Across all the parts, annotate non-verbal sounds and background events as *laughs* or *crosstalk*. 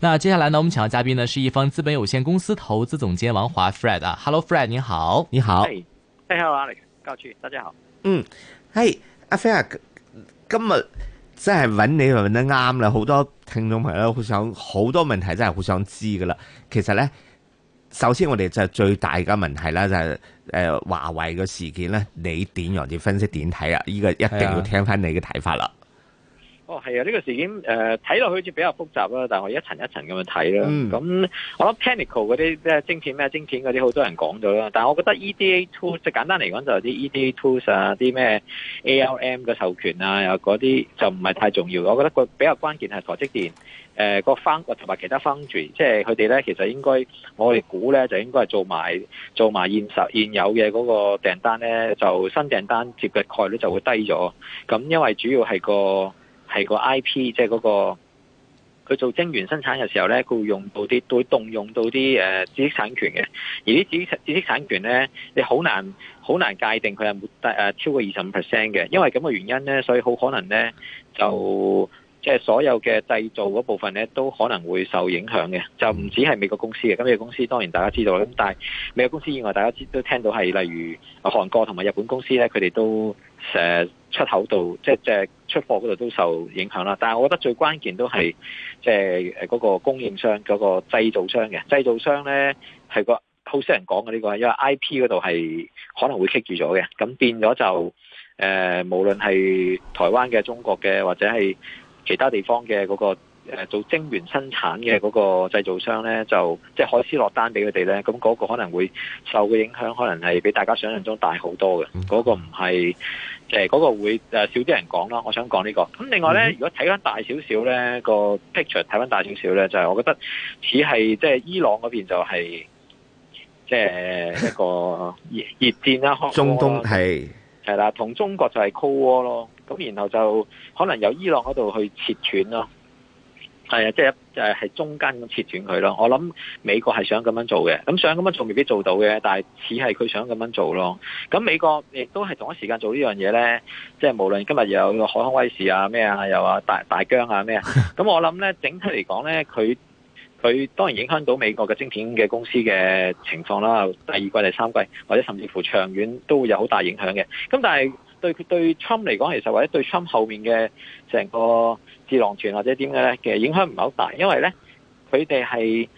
那接下來呢，我們請到嘉賓呢，是一方資本有限公司投資總監王華 Fred 啊，Hello Fred，你好，你好。誒，大家好，Alex，過大家好。嗯，誒、hey,，阿 Fred，今日真係揾你又揾得啱啦，好多聽眾朋友好想好多問題真係好想知噶啦。其實咧，首先我哋就係最大嘅問題啦，就是，就係誒華為嘅事件咧，你點樣要分析點睇啊？呢、這個一定要聽翻你嘅睇法啦。哎哦，係啊，呢、這個事件誒睇落去好似比較複雜啦，但我一層一層咁樣睇啦。咁、嗯、我諗 technical 嗰啲即係晶片咩晶片嗰啲，好多人講咗啦。但係我覺得 EDA tool 即係簡單嚟講就係啲 EDA tool 啊，啲咩 ARM 嘅授權啊，嗰啲就唔係太重要。我覺得個比較關鍵係台積電誒個 foundry 同埋其他 foundry 即係佢哋咧其實應該我哋估咧就應該係做埋做埋現實現有嘅嗰個訂單咧，就新訂單接嘅概率就會低咗。咁因為主要係個係個 IP，即係嗰、那個佢做晶圓生產嘅時候咧，佢會用到啲，會動用到啲誒知識產權嘅。而啲知識知識產權咧，你好難好難界定佢係冇低誒超過二十五 percent 嘅。因為咁嘅原因咧，所以好可能咧就即係、就是、所有嘅製造嗰部分咧都可能會受影響嘅。就唔止係美國公司嘅，咁美國公司當然大家知道啦。咁但係美國公司以外，大家知都聽到係例如韓國同埋日本公司咧，佢哋都成日出口到即係即係。就是出貨嗰度都受影響啦，但係我覺得最關鍵都係即係誒嗰個供應商嗰個製造商嘅製造商呢，係個好少人講嘅呢個，因為 IP 嗰度係可能會棘住咗嘅，咁變咗就誒、呃、無論係台灣嘅、中國嘅或者係其他地方嘅嗰個。誒做晶圓生產嘅嗰個製造商咧，就即、就是、海思落單俾佢哋咧，咁、那、嗰個可能會受嘅影響，可能係比大家想象中大好多嘅。嗰、那個唔係誒，嗰、就是、個會誒少啲人講咯。我想講呢、這個。咁另外咧，如果睇翻大少少咧個 picture，睇翻大少少咧，就係、是、我覺得似係即伊朗嗰邊就係、是、即、就是、一個熱戰 *laughs* 熱戰啦，中東係係啦，同中國就係 cold war 咯。咁然後就可能由伊朗嗰度去切斷咯。係啊，即係誒，係中間咁切斷佢咯。我諗美國係想咁樣做嘅，咁想咁樣做未必做到嘅，但係似係佢想咁樣做咯。咁美國亦都係同一時間做呢樣嘢咧，即係無論今日有個海康威視啊什麼、咩啊、又啊大大疆啊咩啊，咁我諗咧整體嚟講咧，佢佢當然影響到美國嘅晶片嘅公司嘅情況啦。第二季、第三季或者甚至乎長遠都會有好大影響嘅。咁但係。對佢對 Trump 嚟講，其實或者對 Trump 後面嘅成個智囊團或者點嘅咧，其實影響唔係好大，因為咧佢哋係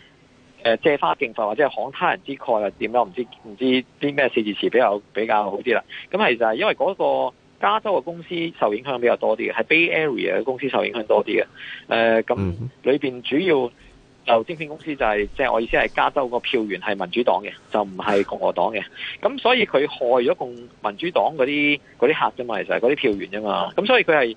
誒借花敬佛或者係慷他人之慨啊，點樣唔知唔知啲咩四字詞比較比較好啲啦。咁其實係因為嗰個加州嘅公司受影響比較多啲嘅，係 Bay Area 嘅公司受影響多啲嘅。誒咁裏邊主要。就晶片公司就係即係我意思係加州個票源係民主黨嘅，就唔係共和黨嘅。咁所以佢害咗共民主黨嗰啲啲客啫嘛，其實係嗰啲票源啫嘛。咁所以佢係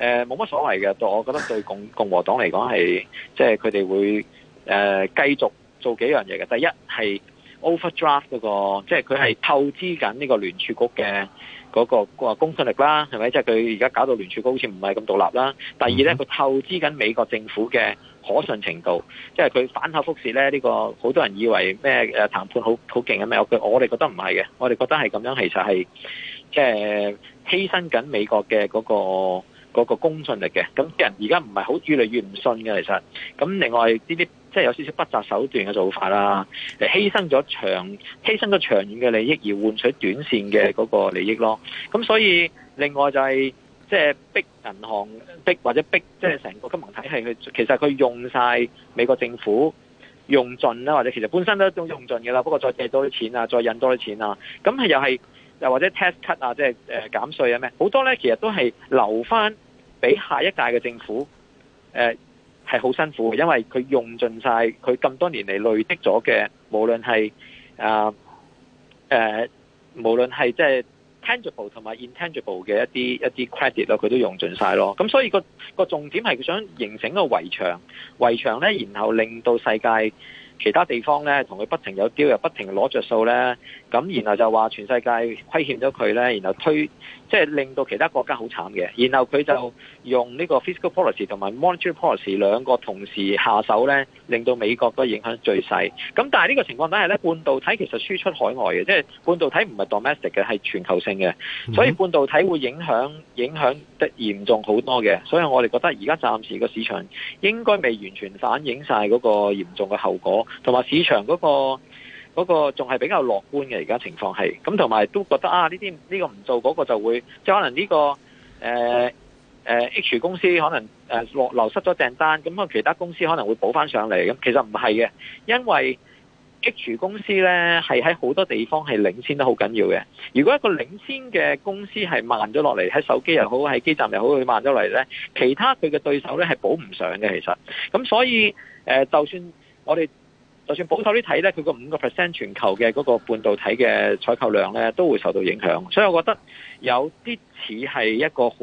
誒冇乜所謂嘅。對，我覺得對共共和黨嚟講係即係佢哋會誒、呃、繼續做幾樣嘢嘅。第一係 overdraft 嗰、那個，即係佢係透支緊呢個聯儲局嘅嗰個公信力啦，係咪？即係佢而家搞到聯儲局好似唔係咁獨立啦。第二咧，佢透支緊美國政府嘅。可信程度，即係佢反口覆舌咧，呢個好多人以為咩誒談判好好勁嘅咩？我我哋覺得唔係嘅，我哋覺得係咁樣，其實係即係犧牲緊美國嘅嗰個嗰個公信力嘅，咁啲人而家唔係好越嚟越唔信嘅，其實，咁另外呢啲即係有少少不擇手段嘅做法啦，犧牲咗長犧牲咗長遠嘅利益而換取短線嘅嗰個利益咯，咁所以另外就係。即係逼銀行逼或者逼即係成個金融體系去，其實佢用晒美國政府用盡啦，或者其實本身都都用盡噶啦，不過再借多啲錢啊，再印多啲錢啊，咁係又係又或者 tax cut 啊，即係誒減稅啊咩，好多咧其實都係留翻俾下一屆嘅政府誒係好辛苦，因為佢用盡晒佢咁多年嚟累積咗嘅，無論係誒，無論係即係。tangible 同埋 intangible 嘅一啲一啲 credit 咯，佢都用盡曬咯。咁所以個個重點係佢想形成個圍牆，圍牆咧，然後令到世界。其他地方咧，同佢不停有丟，又不停攞著數咧，咁然後就話全世界虧欠咗佢咧，然後推即係令到其他國家好慘嘅。然後佢就用呢個 fiscal policy 同埋 monetary policy 兩個同時下手咧，令到美國個影響最細，咁但係呢個情況底下咧，半導體其實輸出海外嘅，即係半導體唔係 domestic 嘅，係全球性嘅，所以半導體會影響影響得嚴重好多嘅。所以我哋覺得而家暫時個市場應該未完全反映晒嗰個嚴重嘅後果。同埋市場嗰個嗰個仲係比較樂觀嘅，而家情況係咁，同埋都覺得啊，呢啲呢個唔做嗰個就會，即係可能呢個誒誒、呃呃、H 公司可能落、呃、流失咗訂單，咁啊其他公司可能會補翻上嚟咁。其實唔係嘅，因為 H 公司咧係喺好多地方係領先得好緊要嘅。如果一個領先嘅公司係慢咗落嚟，喺手機又好，喺基站又好，佢慢咗嚟咧，其他佢嘅對手咧係補唔上嘅。其實咁所以、呃、就算我哋。就算保守啲睇咧，佢個五個 percent 全球嘅嗰個半導體嘅採購量咧，都會受到影響，所以我覺得。有啲似係一個好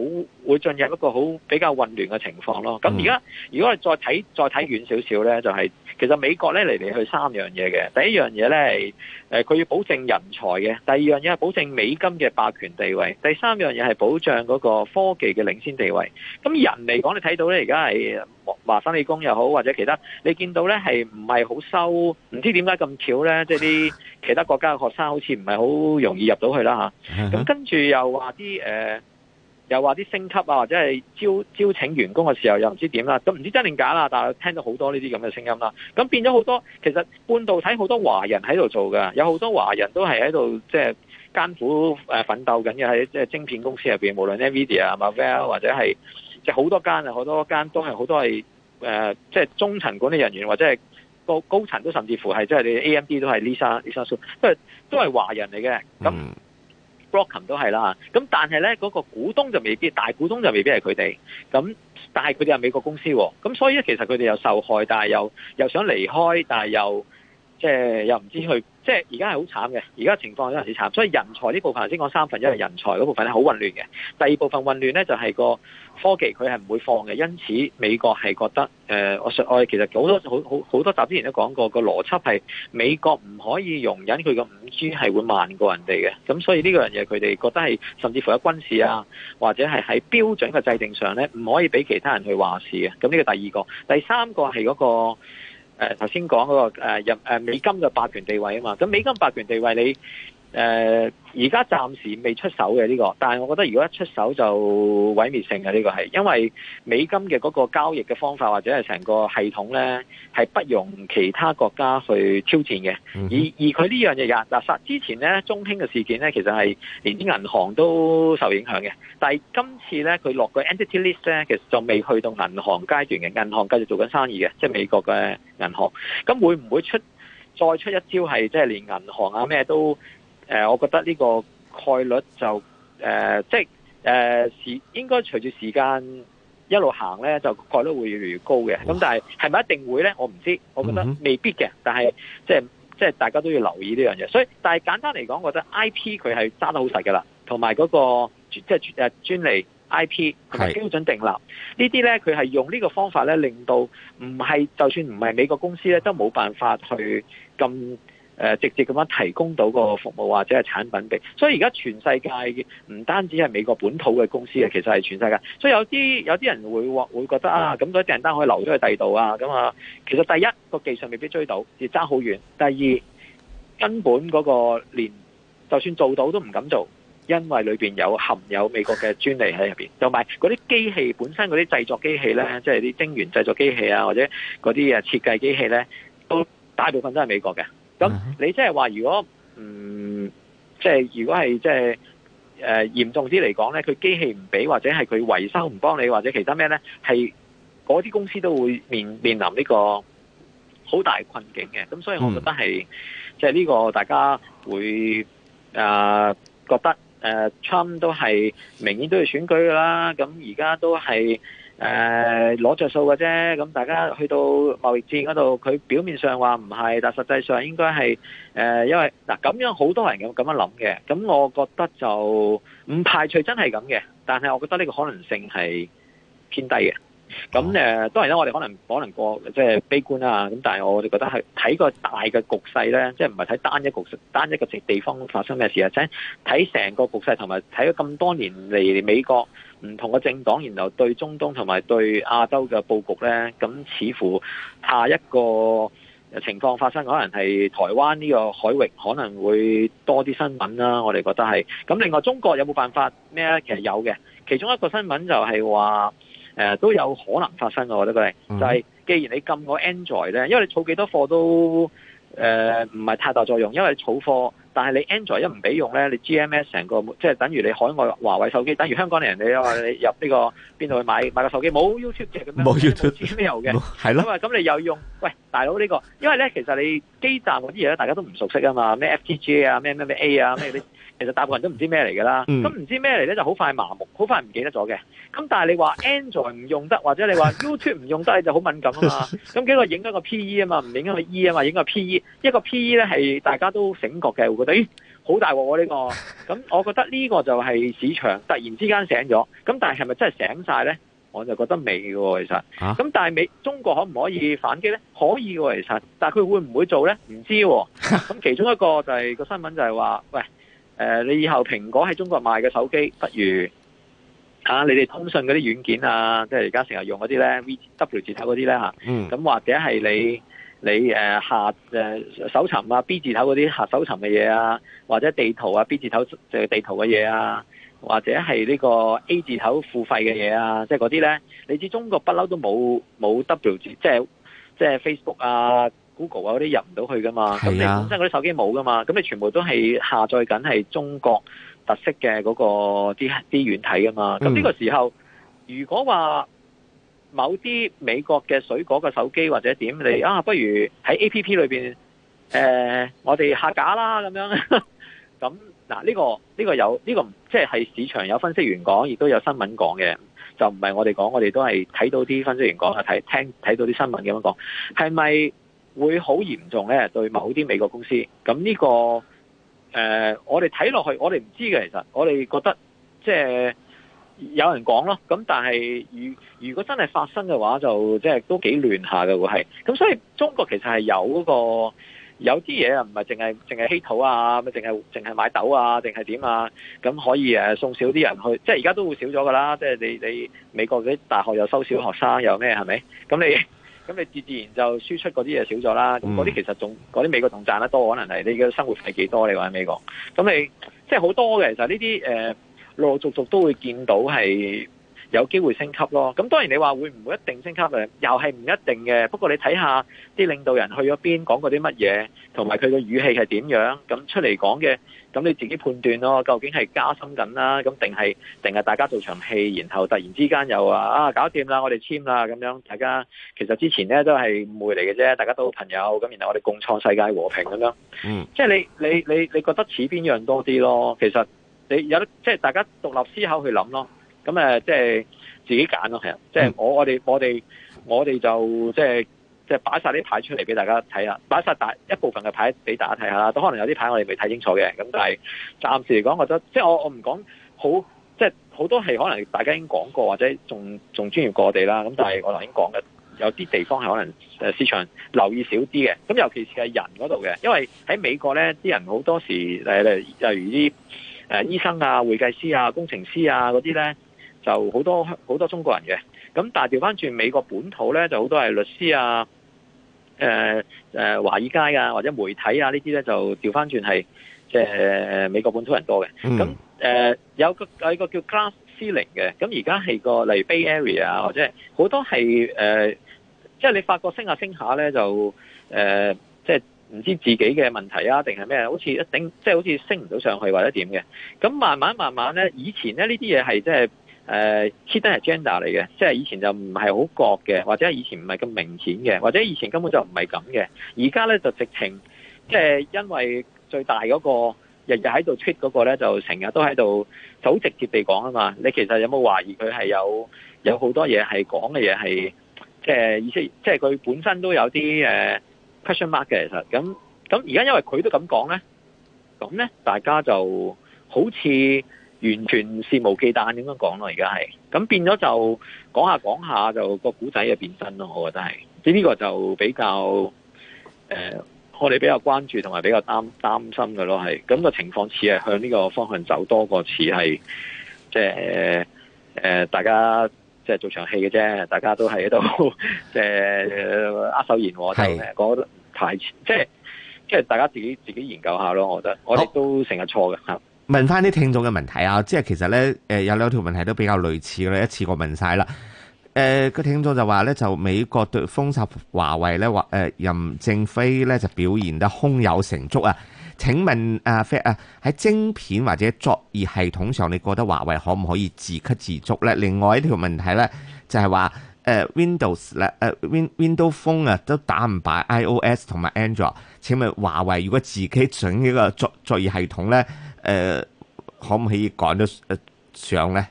會進入一個好比較混亂嘅情況咯。咁而家如果我哋再睇再睇遠少少咧，就係其實美國咧嚟嚟去三樣嘢嘅。第一樣嘢咧係誒佢要保證人才嘅，第二樣嘢係保證美金嘅霸權地位，第三樣嘢係保障嗰個科技嘅領先地位。咁人嚟講，你睇到咧，而家係麻省理工又好，或者其他你見到咧係唔係好收？唔知點解咁巧咧，即係啲其他國家嘅學生好似唔係好容易入到去啦嚇。咁跟住又。話啲誒，又話啲升級啊，或者係招招請員工嘅時候又，又唔知點啦。咁唔知真定假啦，但係聽到好多呢啲咁嘅聲音啦。咁變咗好多，其實半導體好多華人喺度做噶，有好多華人都係喺度即係艱苦誒奮鬥緊嘅。喺即係晶片公司入邊，無論 Nvidia 啊、Marvell 或者係即係好多間啊，好多間都係好多係誒，即、呃、係、即係、中層管理人員或者係高高層都甚至乎係即係你 AMD 都係 Lisa Lisa Su 都係都係華人嚟嘅。咁 broken 都係啦，咁但係咧嗰個股東就未必，大股東就未必係佢哋，咁但係佢哋係美國公司，咁所以咧其實佢哋又受害，但係又又想離開，但係又。即係又唔知去，即係而家係好慘嘅。而家情況有陣時慘，所以人才呢部分頭先講三分一係人才嗰部分咧好混亂嘅。第二部分混亂呢，就係個科技佢係唔會放嘅，因此美國係覺得誒，我實我其實好多好好好多集之前都講過個邏輯係美國唔可以容忍佢個五 G 係會慢過人哋嘅，咁所以呢個樣嘢佢哋覺得係甚至乎有軍事啊或者係喺標準嘅制定上呢，唔可以俾其他人去話事嘅。咁呢個第二個，第三個係嗰個。誒、啊，頭先講嗰個誒入誒美金嘅霸權地位啊嘛，咁美金霸權地位你？誒、呃，而家暫時未出手嘅呢、這個，但係我覺得如果一出手就毀滅性嘅呢、這個係，因為美金嘅嗰個交易嘅方法或者係成個系統呢，係不容其他國家去挑戰嘅、嗯。而而佢呢樣嘢嘅嗱，之前呢，中興嘅事件呢，其實係連啲銀行都受影響嘅。但係今次呢，佢落個 entity list 呢，其實就未去到銀行階段嘅，銀行繼續做緊生意嘅，即、就、係、是、美國嘅銀行。咁會唔會出再出一招係即係連銀行啊咩都？誒、呃，我覺得呢個概率就誒、呃，即係誒、呃、時應該隨住時間一路行咧，就概率會越嚟越高嘅。咁但係係咪一定會咧？我唔知，我覺得未必嘅、嗯。但係即係即係大家都要留意呢樣嘢。所以，但係簡單嚟講，我覺得 IP 佢係揸得好實㗎啦。同埋嗰個即係、誒、專利 IP 佢係標準定立呢啲咧，佢係用呢個方法咧，令到唔係就算唔係美國公司咧，都冇辦法去咁。誒直接咁樣提供到個服務或者係產品俾，所以而家全世界唔單止係美國本土嘅公司嘅，其實係全世界。所以有啲有啲人會會覺得啊，咁多訂單可以留咗去第二度啊，咁啊，其實第一個技術未必追到，要爭好遠。第二，根本嗰個連就算做到都唔敢做，因為裏邊有含有美國嘅專利喺入邊。同埋嗰啲機器本身嗰啲製作機器呢，即係啲晶圓製作機器啊，或者嗰啲啊設計機器呢，都大部分都係美國嘅。咁你即係話，如果嗯即係、就是、如果係即係誒嚴重啲嚟講呢，佢機器唔俾或者係佢維修唔幫你，或者其他咩呢？係嗰啲公司都會面面臨呢個好大困境嘅。咁所以我覺得係即係呢個大家會啊、呃、覺得誒 Trump、呃、都係明年都要選舉㗎啦，咁而家都係。誒攞着數嘅啫，咁大家去到貿易戰嗰度，佢表面上話唔係，但實際上應該係誒、呃，因為嗱咁樣好多人咁咁樣諗嘅，咁我覺得就唔排除真係咁嘅，但係我覺得呢個可能性係偏低嘅。咁誒、呃，當然啦，我哋可能可能過即係、就是、悲觀啦，咁但係我哋覺得係睇個大嘅局勢咧，即係唔係睇單一局勢單一個地方發生咩事啊？即係睇成個局勢，同埋睇咗咁多年嚟美國。唔同嘅政黨，然後對中東同埋對亞洲嘅佈局呢，咁似乎下一個情況發生，可能係台灣呢個海域可能會多啲新聞啦。我哋覺得係。咁另外中國有冇辦法咩咧？其實有嘅，其中一個新聞就係話，誒、呃、都有可能發生。我覺得佢哋就係、是，既然你禁我 Android 咧，因為你儲幾多貨都誒唔係太大作用，因為你儲貨。但係你 Android 一唔俾用咧，你 GMS 成個即係等於你海外華為手機，等於香港人你啊，你入呢個邊度去買買個手機冇 YouTube 嘅，冇 YouTube 咩？有嘅，係咯。咁啊咁你又用？喂，大佬呢個，因為咧其實你基站嗰啲嘢咧，大家都唔熟悉啊嘛，咩 FTG 啊，咩咩咩 A 啊，咩。 *laughs* 其實大部分人都唔知咩嚟噶啦，咁、嗯、唔知咩嚟咧就好快麻木，好快唔記得咗嘅。咁但係你話 Android 唔用得，或者你話 YouTube 唔用得，你就好敏感啊嘛。咁 *laughs* 幾個影咗個 P E 啊嘛，唔影咗個 E 啊嘛，影個 P E。一個 P E 咧係大家都醒覺嘅，會覺得咦、 *laughs* 我覺得好大鑊喎呢個。咁我覺得呢個就係市場突然之間醒咗。咁但係係咪真係醒晒咧？我就覺得未噶喎，其實。咁、啊、但係美中國可唔可以反擊咧？可以喎，其實。但係佢會唔會做咧？唔知、啊。咁其中一個就係、是那個新聞就係話，喂。誒、呃，你以後蘋果喺中國賣嘅手機，不如吓、啊、你哋通訊嗰啲軟件啊，即係而家成日用嗰啲咧 W 字頭嗰啲咧吓，咁、嗯、或者係你你誒下誒搜尋啊 B 字頭嗰啲下搜尋嘅嘢啊，或者地圖啊 B 字頭即係地圖嘅嘢啊，或者係呢個 A 字頭付費嘅嘢啊，即係嗰啲咧，你知中國不嬲都冇冇 W 字，即係即係 Facebook 啊。Google 啊，嗰啲入唔到去噶嘛，咁你本身嗰啲手機冇噶嘛，咁你全部都係下載緊係中國特色嘅嗰個啲啲軟體噶嘛，咁呢個時候、嗯、如果話某啲美國嘅水果嘅手機或者點你啊，不如喺 A P P 裏邊誒、呃，我哋下架啦咁樣，咁嗱呢個呢、呢個有呢、呢個即係係市場有分析員講，亦都有新聞講嘅，就唔係我哋講，我哋都係睇到啲分析員講啊，睇聽睇到啲新聞咁樣講，係咪？會好嚴重咧，對某啲美國公司。咁呢、這個誒、呃，我哋睇落去，我哋唔知嘅。其實我哋覺得即係有人講咯。咁但係如如果真係發生嘅話，就即係都幾亂下嘅會係。咁所以中國其實係有嗰、那個有啲嘢啊，唔係淨係淨係稀土啊，咪淨係淨係買豆啊，定係點啊？咁可以誒送少啲人去，即係而家都會少咗噶啦。即係你你美國啲大學又收少學生又咩係咪？咁你。咁你自自然就輸出嗰啲嘢少咗啦，咁嗰啲其實仲嗰啲美國仲賺得多，可能係你嘅生活費幾多？你話喺美國，咁你即係好多嘅，其實呢啲誒陸陸續續都會見到係有機會升級咯。咁當然你話會唔會一定升級，誒又係唔一定嘅。不過你睇下啲領導人去咗邊，講過啲乜嘢，同埋佢嘅語氣係點樣，咁出嚟講嘅。咁你自己判斷咯，究竟係加深緊啦，咁定係定係大家做場戲，然後突然之間又話啊搞掂啦，我哋簽啦咁樣，大家其實之前咧都係誤會嚟嘅啫，大家都好朋友咁，然後我哋共創世界和平咁樣。嗯即，即係你你你你覺得似邊樣多啲咯？其實你有得即係大家獨立思考去諗咯，咁誒即係自己揀咯，係啊，即係我我哋我哋我哋就即係。即係擺晒啲牌出嚟俾大家睇啦，擺晒大一部分嘅牌俾大家睇下啦。都可能有啲牌我哋未睇清楚嘅，咁但係暫時嚟講，我覺得即係我我唔講好，即係好多係可能大家已經講過，或者仲仲專業過我哋啦。咁但係我頭先講嘅有啲地方係可能市場留意少啲嘅。咁尤其是係人嗰度嘅，因為喺美國咧，啲人好多時誒例如啲誒醫生啊、會計師啊、工程師啊嗰啲咧，就好多好多中國人嘅。咁但係調翻轉美國本土咧，就好多係律師啊。誒、呃、誒、呃、華爾街啊，或者媒體啊，這些呢啲咧就調翻轉係即係美國本土人多嘅。咁、嗯、誒、呃、有個有個叫 Glass Ceiling 嘅，咁而家係個例如 Bay Area 啊，或者係好多係誒，即、呃、係、就是、你發覺升下升下咧就誒，即係唔知自己嘅問題啊，定係咩？好似一定，即、就、係、是、好似升唔到上去或者點嘅。咁慢慢慢慢咧，以前咧呢啲嘢係即係。這些東西是就是誒、呃、fit 得係 gender 嚟嘅，即係以前就唔係好覺嘅，或者以前唔係咁明顯嘅，或者以前根本就唔係咁嘅。而家咧就直情，即係因為最大嗰、那個日日喺度 tweet 嗰個咧，就成日都喺度就好直接地講啊嘛。你其實有冇懷疑佢係有有好多嘢係講嘅嘢係即係意思，即係佢本身都有啲誒、呃、question mark 嘅其實。咁咁而家因為佢都咁講咧，咁咧大家就好似。嗯、完全肆無忌憚，點樣講咯？而家係咁變咗就講下講下就、個古仔就變身咯，我覺得係即係呢個就比較誒、呃，我哋比較關注同埋比較擔擔心嘅咯，係咁、個情況似係向呢個方向走多過似係即係誒，大家即係、呃呃、做場戲嘅啫，大家都係喺度即係握手言和，就講、那個、太即係即係大家自己自己研究下咯、哦，我覺得我哋都成日錯嘅嚇。問翻啲聽眾嘅問題啊，即係其實咧，誒有兩條問題都比較類似嘅，一次過問晒啦。誒、呃，個聽眾就話咧，就美國對封殺華為咧，話、呃、誒任正非咧就表現得胸有成竹啊。請問阿飛啊，喺晶片或者作業系統上，你覺得華為可唔可以自給自足咧？另外一條問題咧，就係話誒 Windows 咧、呃，誒 Window Phone 啊，都打唔敗 iOS 同埋 Android。請問華為如果自己整呢個作作業系統咧？誒、呃、可唔可以趕得上咧？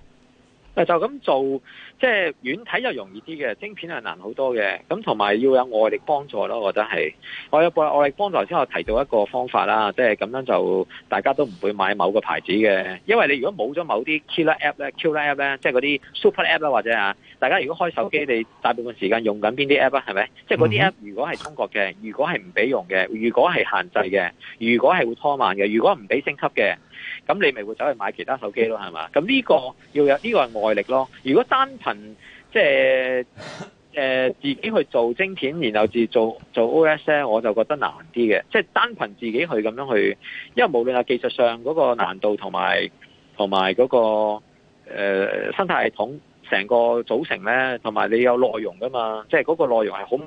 誒、就咁做。即係軟體又容易啲嘅，晶片係難好多嘅。咁同埋要有外力幫助咯，我覺得係。我有外力幫助先，我提到一個方法啦。即係咁樣就大家都唔會買某個牌子嘅，因為你如果冇咗某啲 killer app 咧，killer app 咧，即係嗰啲 super app 啦，或者啊，大家如果開手機，Okay. 你大部分時間用緊邊啲 app 啊係咪？即係嗰啲 app 如果係中國嘅，如果係唔俾用嘅，如果係限制嘅、mm -hmm.，如果係會拖慢嘅，如果唔俾升級嘅。咁你咪會走去買其他手機咯，係嘛？咁呢個要有呢、這個係外力咯。如果單憑即係誒自己去做晶片，然後自做做 OS 咧，我就覺得難啲嘅。即、就、係、是、單憑自己去咁樣去，因為無論係技術上嗰、那個難度同埋同埋嗰個誒、呃、生態系統成個組成咧，同埋你有內容噶嘛，即係嗰個內容係好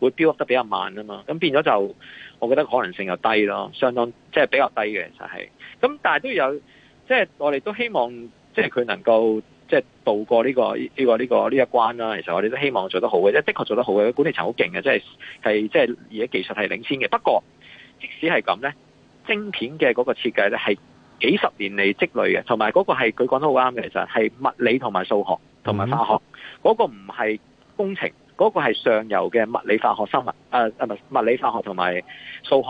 會 build up 得比較慢啊嘛，咁變咗就。我覺得可能性又低咯，相當即係比較低嘅，其實係咁。但係都有，即係我哋都希望，即係佢能夠即係渡過呢個呢個呢個呢一關啦。其實我哋都希望做得好嘅，即係的確做得好嘅，管理層好勁嘅，即係係即係而且技術係領先嘅。不過即使係咁咧，晶片嘅嗰個設計咧係幾十年嚟積累嘅，同埋嗰個係佢講得好啱嘅，其實係物理同埋數學同埋化學嗰 mm -hmm. 個唔係工程。嗰、那個係上游嘅物理化學生物，誒、啊、誒物理化學同埋數學，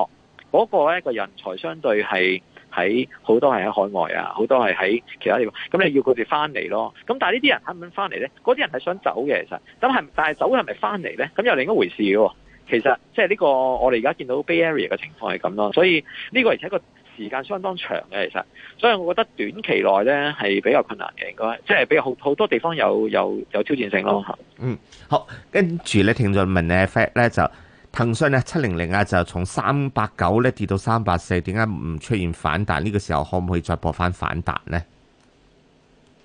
嗰、那個咧個人才相對係喺好多係喺海外啊，好多係喺其他地方，咁你要佢哋翻嚟咯。咁但係呢啲人肯唔肯翻嚟咧？嗰啲人係想走嘅其實，咁係但係走係咪翻嚟咧？咁又另一回事嘅喎。其實即係呢個我哋而家見到 Bay Area 嘅情況係咁咯，所以呢個而且個。時間相當長嘅，其實，所以我覺得短期內呢係比較困難嘅，應該，即係比較好好多地方有有有挑戰性咯。嗯，好，跟住呢，聽眾問呢，f 咧就騰訊呢，七零零啊，呢 700, 就從三百九咧跌到三百四，點解唔出現反彈？呢、這個時候可唔可以再搏返反彈呢？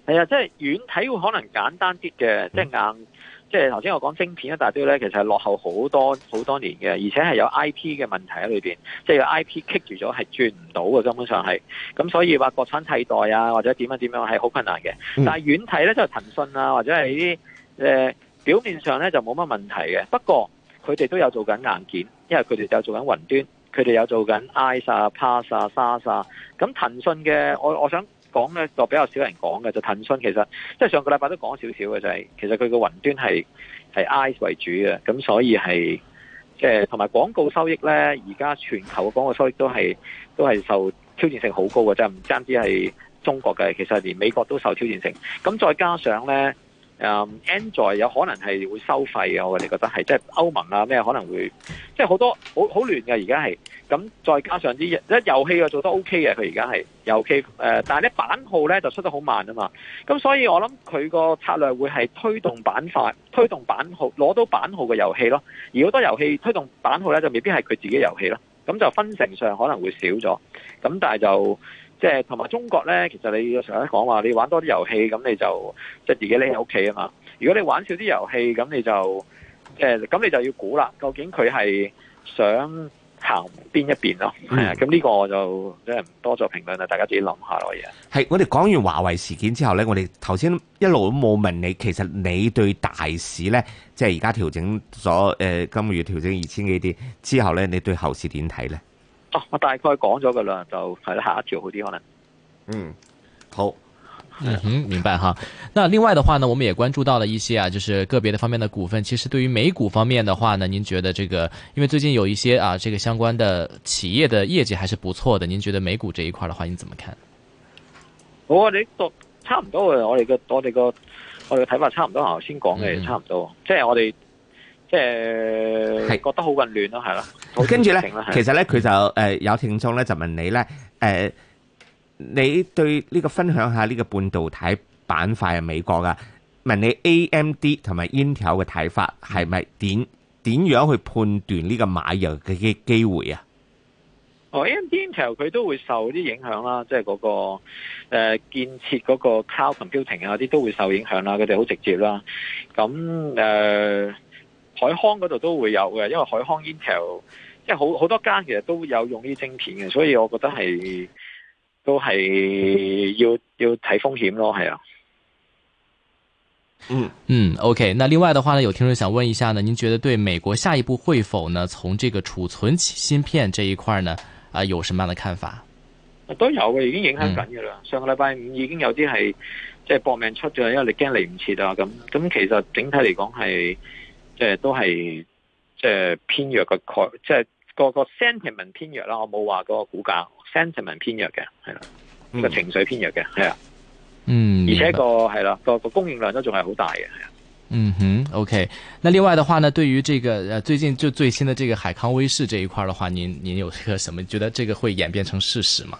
係啊，即係軟體會可能簡單啲嘅，嗯，即係硬。即係頭先我講晶片一大堆咧，其實係落後好多好多年嘅，而且係有 IP 嘅問題喺裏邊，即係有 IP kick 住咗係轉唔到嘅，根本上係。咁所以話國產替代啊，或者點樣點樣係好困難嘅。但係遠睇咧，即係騰訊啊，或者係呢啲誒表面上咧就冇乜問題嘅。不過佢哋都有做緊硬件，因為佢哋有做緊雲端，佢哋有做緊 ISA、PASA、SASA。咁騰訊嘅我我想。講咧就比較少人講嘅，就騰訊其實，即係上個禮拜都講少少嘅就係，其實佢個雲端係係 I 為主嘅，咁所以係即係同埋廣告收益咧，而家全球嘅廣告收益都係都係受挑戰性好高嘅，即係唔單止係中國嘅，其實連美國都受挑戰性，咁再加上咧。嗯，Android 有可能係會收費嘅，我哋覺得係，即係歐盟啊咩可能會，即係好多好好亂嘅而家係，咁再加上啲一遊戲啊做得 OK 嘅，佢而家係遊戲誒，但係咧版號咧就出得好慢啊嘛，咁所以我諗佢個策略會係推動版塊，推動版號，攞到版號嘅遊戲咯，而好多遊戲推動版號咧就未必係佢自己遊戲咯，咁就分成上可能會少咗，咁但係就。即係同埋中國咧，其實你有時候咧講話你玩多啲遊戲，咁你就即係自己匿喺屋企啊嘛。如果你玩少啲遊戲，咁你就即係咁，你就要估啦。究竟佢係想行邊一邊咯？咁、嗯、呢個我就即係唔多做評論啦。大家自己諗下來嘢。係，我哋講完華為事件之後咧，我哋頭先一路都冇問你，其實你對大市咧，即係而家調整咗、呃、今個月調整二千幾點之後咧，你對後市點睇咧？哦，我大概講咗噶啦，就係啦，下一條好啲可能。嗯，好。 *laughs* 嗯哼，明白哈。那另外的話呢，我們也關注到了一些啊，就是個別的方面的股份。其實對於美股方面的話呢，您覺得這個？因為最近有一些啊，這個相關的企業的業績還是不錯的。您覺得美股這一塊的話，您怎麼看？我哋個差唔多嘅，我哋個我哋個我哋嘅睇法差唔多，頭先講嘅差唔多，即係我哋。即係、呃、覺得好混亂咯，係啦。跟住呢，其實呢，佢就誒、呃、有聽眾呢，就問你呢，誒、呃、你對呢、這個分享下呢個半導體板塊啊，美國噶問你 A M D 同埋 Intel 嘅睇法係咪點點樣去判斷呢個買入嘅機會啊？哦，A M D Intel 佢都會受啲影響啦，即係嗰、那個誒、呃、建設嗰個 cloud computing 啊啲都會受影響啦，佢哋好直接啦。咁誒。呃海康嗰度都會有嘅，因為海康 Intel 即係好好多間其實都有用呢啲晶片嘅，所以我覺得係都係要要睇風險咯，係啊。嗯嗯，OK。那另外的話呢，有聽眾想問一下呢，您覺得對美國下一步會否呢，從這個儲存芯片這一塊呢，啊，有什麼樣的看法？都有嘅，已經影響緊噶啦。上個禮拜五已經有啲係即係搏命出咗，因為你驚嚟唔切啊。咁咁其實整體嚟講係。即係都係、呃，即係偏弱嘅概，即係個個 sentiment 偏弱啦。我冇話個股價 sentiment、嗯、偏弱嘅，係啦，個情緒偏弱嘅，係啊。嗯，而且一個係啦，個個供應量都仲係好大嘅。嗯哼，OK。那另外的話呢，對於這個最近就最新的這個海康威視這一塊的話，您您有一個什麼覺得這個會演變成事實嗎？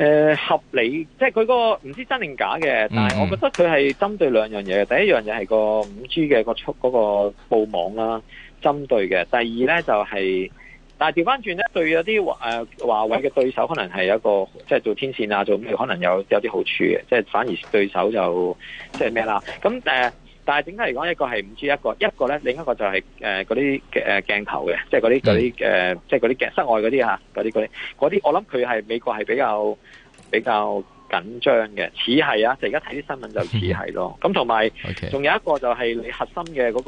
誒、呃、合理，即係佢嗰個唔知真定假嘅、嗯嗯，但係我覺得佢係針對兩樣嘢。第一樣嘢係個五 G 嘅個速嗰個佈網啦、啊，針對嘅。第二咧就係、是，但係調翻轉咧對有啲華誒、呃、華為嘅對手，可能係一個即係做天線啊，做咩可能有有啲好處嘅，即係反而對手就即係咩啦？咁誒。呃但係整體嚟講，一個係 5G，一個一個咧，另一個就係誒嗰啲誒鏡頭嘅，即係嗰啲嗰啲誒，即係嗰啲鏡室外嗰啲嚇，啲啲啲，我諗佢係美國係比較比較緊張嘅，似係啊！就而家睇啲新聞就似係咯。咁同埋仲有一個就係你核心嘅嗰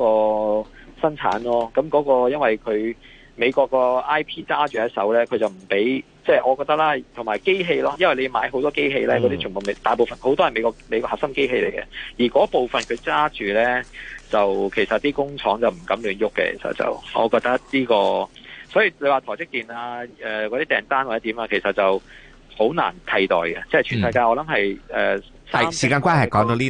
個生產咯。咁嗰個因為佢美國個 IP 揸住一手咧，佢就唔俾。即、係我覺得啦，同埋機器咯，因為你買好多機器咧，嗰啲全部美，大部分好多係美國美國核心機器嚟嘅，而嗰部分佢揸住咧，就其實啲工廠就唔敢亂喐嘅。其實就我覺得呢個，所以你話台積電啊，誒嗰啲訂單或者點啊，其實就好難替代嘅。即、係全世界我諗，嗯，呃，係誒，係時間關係講到呢度。